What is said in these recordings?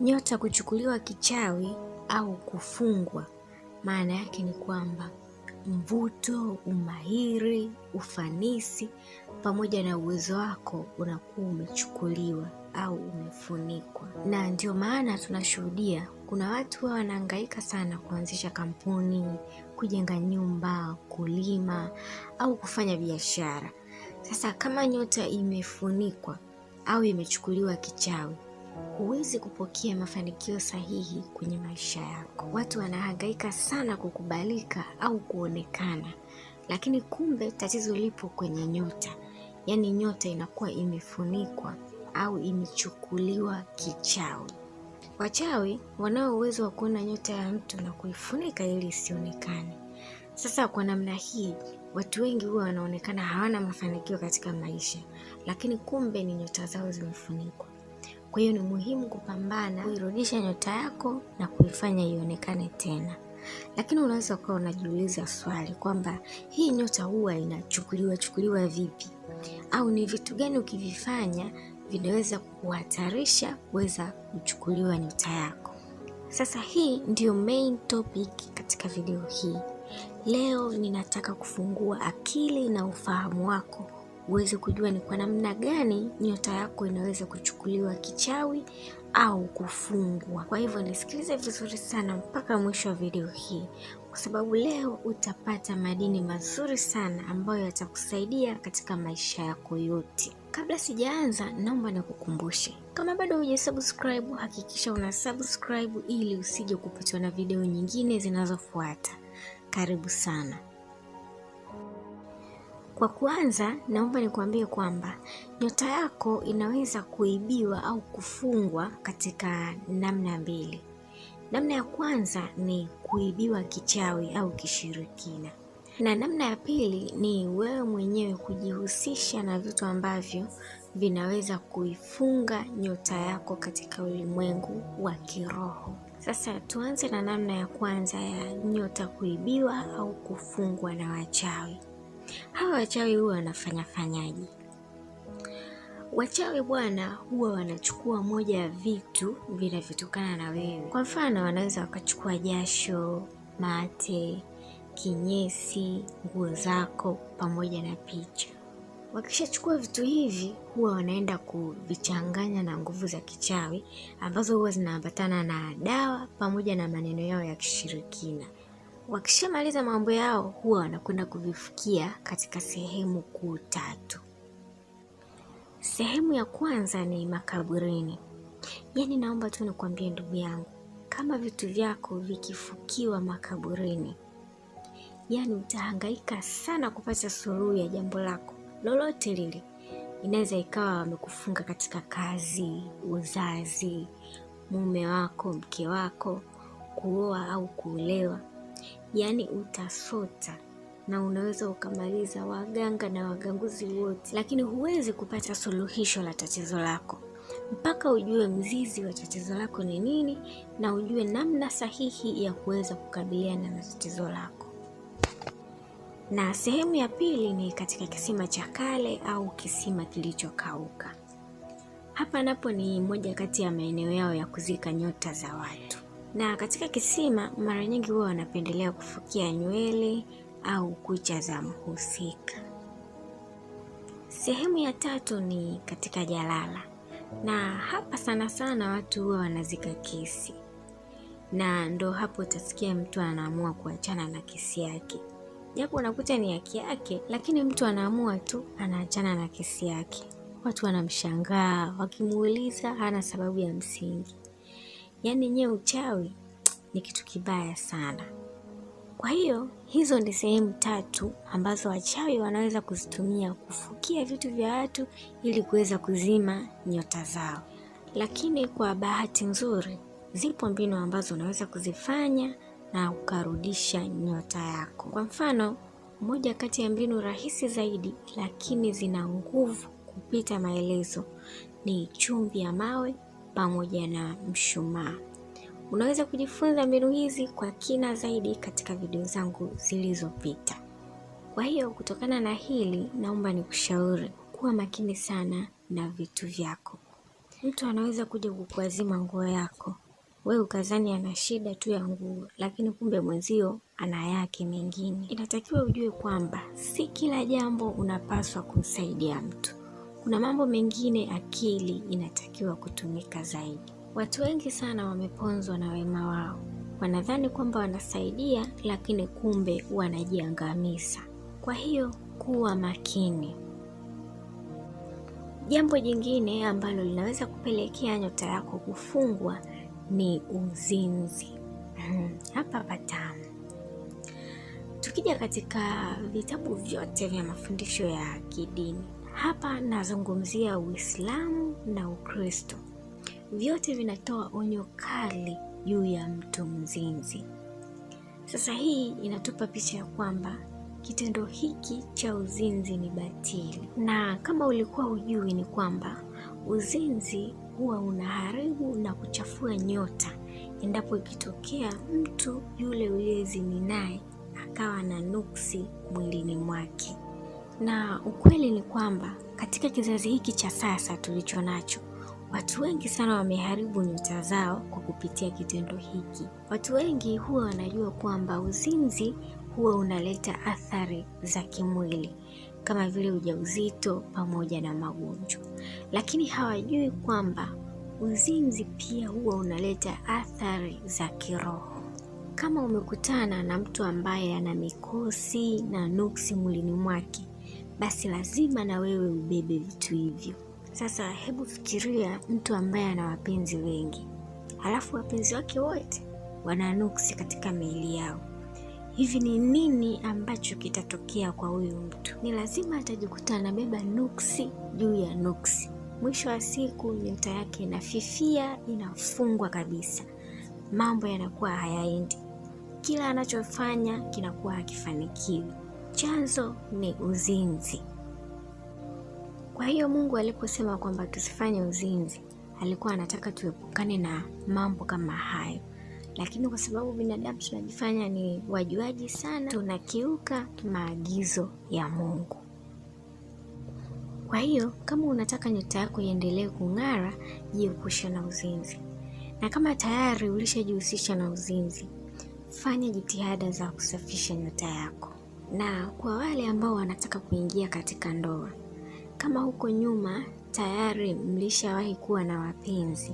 Nyota kuchukuliwa kichawi au kufungwa, maana yake ni kwamba mvuto, umahiri, ufanisi pamoja na uwezo wako unakuwa umechukuliwa au umefunikwa, na ndio maana tunashuhudia kuna watu wa wanahangaika sana kuanzisha kampuni, kujenga nyumba, kulima au kufanya biashara. Sasa kama nyota imefunikwa au imechukuliwa kichawi huwezi kupokea mafanikio sahihi kwenye maisha yako. Watu wanahangaika sana kukubalika au kuonekana, lakini kumbe tatizo lipo kwenye nyota. Yaani nyota inakuwa imefunikwa au imechukuliwa kichawi. Wachawi wanao uwezo wa kuona nyota ya mtu na kuifunika ili isionekane. Sasa kwa namna hii, watu wengi huwa wanaonekana hawana mafanikio katika maisha, lakini kumbe ni nyota zao zimefunikwa. Kwa hiyo ni muhimu kupambana kuirudisha nyota yako na kuifanya ionekane tena. Lakini unaweza ukawa unajiuliza swali kwamba hii nyota huwa inachukuliwa chukuliwa vipi, au ni vitu gani ukivifanya vinaweza kuhatarisha kuweza kuchukuliwa nyota yako. Sasa hii ndiyo main topic katika video hii. Leo ninataka kufungua akili na ufahamu wako uweze kujua ni kwa namna gani nyota yako inaweza kuchukuliwa kichawi au kufungwa. Kwa hivyo nisikilize vizuri sana mpaka mwisho wa video hii, kwa sababu leo utapata madini mazuri sana ambayo yatakusaidia katika maisha yako yote. Kabla sijaanza, naomba nikukumbushe, kama bado hujasubscribe, hakikisha una subscribe ili usije kupitwa na video nyingine zinazofuata. Karibu sana. Kwa kwanza, naomba nikuambie kwamba nyota yako inaweza kuibiwa au kufungwa katika namna mbili. Namna ya kwanza ni kuibiwa kichawi au kishirikina, na namna ya pili ni wewe mwenyewe kujihusisha na vitu ambavyo vinaweza kuifunga nyota yako katika ulimwengu wa kiroho. Sasa tuanze na namna ya kwanza ya nyota kuibiwa au kufungwa na wachawi hawa wachawi huwa wanafanya fanyaji Wachawi bwana, huwa wanachukua moja ya vitu vinavyotokana na wewe. Kwa mfano, wanaweza wakachukua jasho, mate, kinyesi, nguo zako pamoja na picha. Wakishachukua vitu hivi, huwa wanaenda kuvichanganya na nguvu za kichawi ambazo huwa zinaambatana na dawa pamoja na maneno yao ya kishirikina. Wakishamaliza mambo yao huwa wanakwenda kuvifukia katika sehemu kuu tatu. Sehemu ya kwanza ni makaburini. Yaani, naomba tu nikwambie ndugu yangu, kama vitu vyako vikifukiwa makaburini, yaani utahangaika sana kupata suluhu ya jambo lako lolote lile. Inaweza ikawa wamekufunga katika kazi, uzazi, mume wako, mke wako, kuoa au kuolewa yaani utasota na unaweza ukamaliza waganga na waganguzi wote, lakini huwezi kupata suluhisho la tatizo lako mpaka ujue mzizi wa tatizo lako ni nini na ujue namna sahihi ya kuweza kukabiliana na tatizo lako. Na sehemu ya pili ni katika kisima cha kale au kisima kilichokauka. Hapa napo ni moja kati ya maeneo yao ya kuzika nyota za watu. Na katika kisima mara nyingi huwa wanapendelea kufukia nywele au kucha za mhusika. Sehemu ya tatu ni katika jalala, na hapa sana sana watu huwa wanazika kesi, na ndo hapo utasikia mtu anaamua kuachana na kesi yake, japo unakuta ni haki yake, lakini mtu anaamua tu anaachana na kesi yake. Watu wanamshangaa, wakimuuliza hana sababu ya msingi. Yaani nyewe uchawi ni kitu kibaya sana. Kwa hiyo hizo ndi sehemu tatu ambazo wachawi wanaweza kuzitumia kufukia vitu vya watu ili kuweza kuzima nyota zao. Lakini kwa bahati nzuri, zipo mbinu ambazo unaweza kuzifanya na ukarudisha nyota yako. Kwa mfano, moja kati ya mbinu rahisi zaidi lakini zina nguvu kupita maelezo ni chumvi ya mawe pamoja na mshumaa. Unaweza kujifunza mbinu hizi kwa kina zaidi katika video zangu zilizopita. Kwa hiyo kutokana na hili, naomba nikushauri kuwa makini sana na vitu vyako. Mtu anaweza kuja kukuazima nguo yako, we ukazani ana shida tu ya nguo, lakini kumbe mwenzio ana yake mengine. Inatakiwa ujue kwamba si kila jambo unapaswa kumsaidia mtu kuna mambo mengine akili inatakiwa kutumika zaidi. Watu wengi sana wameponzwa na wema wao, wanadhani kwamba wanasaidia, lakini kumbe wanajiangamiza. Kwa hiyo kuwa makini. Jambo jingine ambalo linaweza kupelekea nyota yako kufungwa ni uzinzi. Hapa patamu. Tukija katika vitabu vyote vya mafundisho ya kidini hapa nazungumzia Uislamu na Ukristo, vyote vinatoa onyo kali juu ya mtu mzinzi. Sasa hii inatupa picha ya kwamba kitendo hiki cha uzinzi ni batili, na kama ulikuwa ujui ni kwamba uzinzi huwa unaharibu na kuchafua nyota endapo ikitokea mtu yule uliyezini naye akawa na nuksi mwilini mwake na ukweli ni kwamba katika kizazi hiki cha sasa tulicho nacho, watu wengi sana wameharibu nyota zao kwa kupitia kitendo hiki. Watu wengi huwa wanajua kwamba uzinzi huwa unaleta athari za kimwili kama vile ujauzito pamoja na magonjwa, lakini hawajui kwamba uzinzi pia huwa unaleta athari za kiroho. Kama umekutana na mtu ambaye ana mikosi na nuksi mwilini mwake basi lazima na wewe ubebe vitu hivyo. Sasa hebu fikiria mtu ambaye ana wapenzi wengi, halafu wapenzi wake wote wana nuksi katika miili yao. Hivi ni nini ambacho kitatokea kwa huyu mtu? Ni lazima atajikuta anabeba nuksi juu ya nuksi. Mwisho wa siku nyota yake inafifia, inafungwa kabisa, mambo yanakuwa hayaendi, kila anachofanya kinakuwa hakifanikiwi chanzo ni uzinzi. Kwa hiyo Mungu aliposema kwamba tusifanye uzinzi, alikuwa anataka tuepukane na mambo kama hayo, lakini kwa sababu binadamu tunajifanya ni wajuaji sana, tunakiuka maagizo ya Mungu. Kwa hiyo kama unataka nyota yako iendelee kung'ara, jiepushe na uzinzi, na kama tayari ulishajihusisha na uzinzi, fanya jitihada za kusafisha nyota yako. Na kwa wale ambao wanataka kuingia katika ndoa, kama huko nyuma tayari mlishawahi kuwa na wapenzi,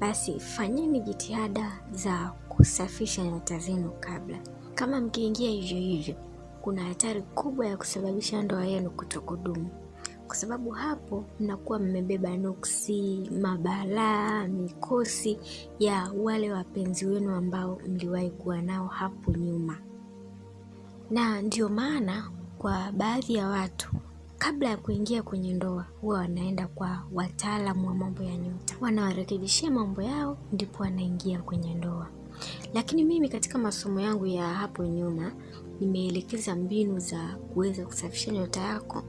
basi fanyeni jitihada za kusafisha nyota zenu kabla. Kama mkiingia hivyo hivyo, kuna hatari kubwa ya kusababisha ndoa yenu kutokudumu, kwa sababu hapo mnakuwa mmebeba nuksi, mabalaa, mikosi ya wale wapenzi wenu ambao mliwahi kuwa nao hapo nyuma na ndio maana kwa baadhi ya watu kabla ya kuingia kwenye ndoa huwa wanaenda kwa wataalamu wa mambo ya nyota, wanawarekebishia mambo yao, ndipo wanaingia kwenye ndoa. Lakini mimi katika masomo yangu ya hapo nyuma nimeelekeza mbinu za kuweza kusafisha nyota yako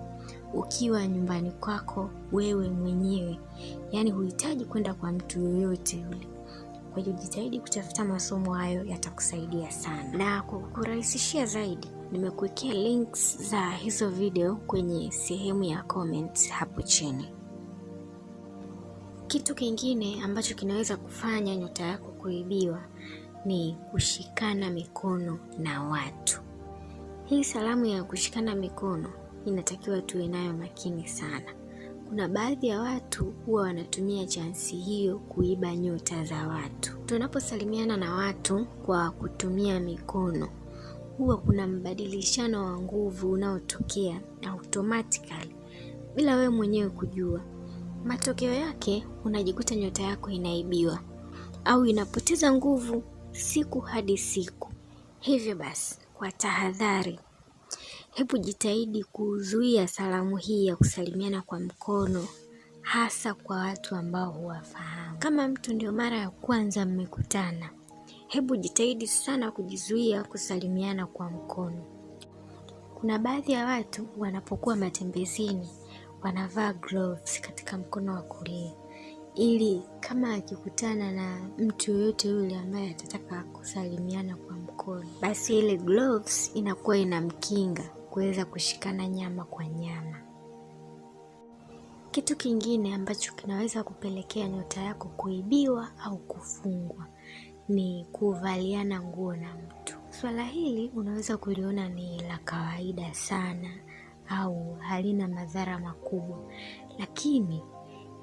ukiwa nyumbani kwako wewe mwenyewe, yaani huhitaji kwenda kwa mtu yoyote yule. Kwa hiyo jitahidi kutafuta masomo hayo, yatakusaidia sana. Na kwa kurahisishia zaidi, nimekuwekea links za hizo video kwenye sehemu ya comment hapo chini. Kitu kingine ambacho kinaweza kufanya nyota yako kuibiwa ni kushikana mikono na watu. Hii salamu ya kushikana mikono inatakiwa tuwe nayo makini sana. Kuna baadhi ya watu huwa wanatumia chansi hiyo kuiba nyota za watu. Tunaposalimiana na watu kwa kutumia mikono, huwa kuna mbadilishano wa nguvu unaotokea automatically bila wewe mwenyewe kujua. Matokeo yake unajikuta nyota yako inaibiwa au inapoteza nguvu siku hadi siku. Hivyo basi, kwa tahadhari Hebu jitahidi kuzuia salamu hii ya kusalimiana kwa mkono hasa kwa watu ambao huwafahamu. Kama mtu ndio mara ya kwanza mmekutana, hebu jitahidi sana kujizuia kusalimiana kwa mkono. Kuna baadhi ya watu wanapokuwa matembezini wanavaa gloves katika mkono wa kulia, ili kama akikutana na mtu yoyote yule ambaye atataka kusalimiana kwa mkono, basi ile gloves inakuwa inamkinga kuweza kushikana nyama kwa nyama. Kitu kingine ambacho kinaweza kupelekea nyota yako kuibiwa au kufungwa ni kuvaliana nguo na mtu. Swala hili unaweza kuliona ni la kawaida sana au halina madhara makubwa, lakini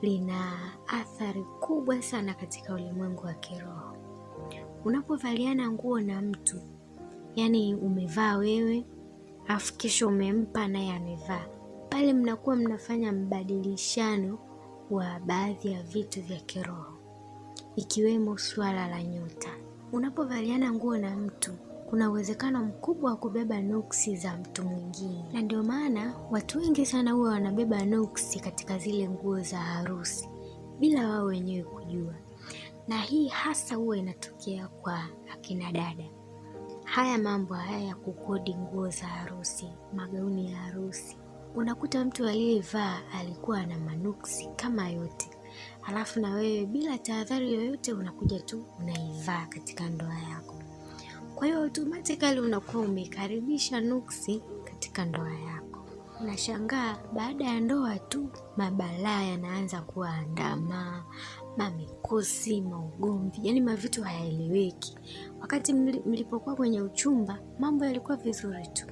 lina athari kubwa sana katika ulimwengu wa kiroho. Unapovaliana nguo na mtu, yaani umevaa wewe afu kesho umempa naye amevaa. Pale mnakuwa mnafanya mbadilishano wa baadhi ya vitu vya kiroho, ikiwemo swala la nyota. Unapovaliana nguo na mtu kuna uwezekano mkubwa wa kubeba nuksi za mtu mwingine, na ndio maana watu wengi sana huwa wanabeba nuksi katika zile nguo za harusi bila wao wenyewe kujua, na hii hasa huwa inatokea kwa akina dada. Haya mambo haya ya kukodi nguo za harusi, magauni ya harusi, unakuta mtu aliyevaa alikuwa na manuksi kama yote, halafu na wewe bila tahadhari yoyote unakuja tu unaivaa katika ndoa yako. Kwa hiyo automatically unakuwa umekaribisha nuksi katika ndoa yako. Unashangaa baada ya ndoa tu mabalaa yanaanza kuwa andama, mamikosi, maugomvi, yani mavitu hayaeleweki. Wakati mlipokuwa kwenye uchumba mambo yalikuwa vizuri tu,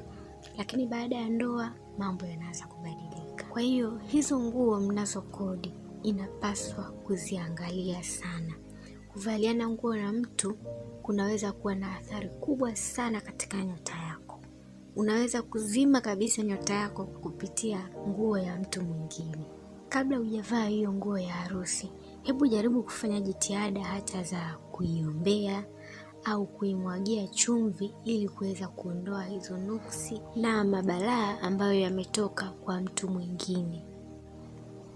lakini baada ya ndoa mambo yanaanza kubadilika. Kwa hiyo hizo nguo mnazokodi inapaswa kuziangalia sana. Kuvaliana nguo na mtu kunaweza kuwa na athari kubwa sana katika nyota yako. Unaweza kuzima kabisa nyota yako kupitia nguo ya mtu mwingine. Kabla hujavaa hiyo nguo ya harusi Hebu jaribu kufanya jitihada hata za kuiombea au kuimwagia chumvi ili kuweza kuondoa hizo nuksi na mabalaa ambayo yametoka kwa mtu mwingine.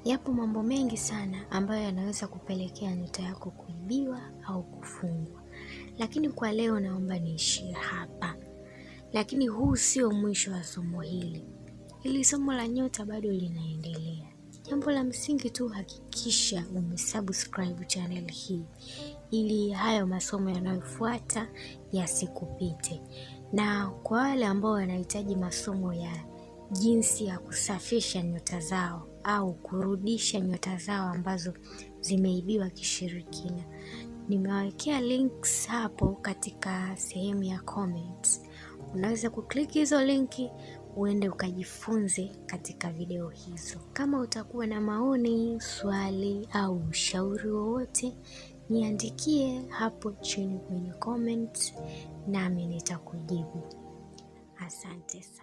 Yapo mambo mengi sana ambayo yanaweza kupelekea nyota yako kuibiwa au kufungwa, lakini kwa leo naomba niishie hapa. Lakini huu sio mwisho wa somo hili, hili somo la nyota bado linaendelea. Jambo la msingi tu, hakikisha umesubscribe channel hii ili hayo masomo yanayofuata yasikupite, na kwa wale ambao wanahitaji masomo ya jinsi ya kusafisha nyota zao au kurudisha nyota zao ambazo zimeibiwa kishirikina, nimewawekea links hapo katika sehemu ya comments. Unaweza kuklik hizo linki uende ukajifunze katika video hizo. Kama utakuwa na maoni, swali au ushauri wowote, niandikie hapo chini kwenye comment, nami nitakujibu. Asante sana.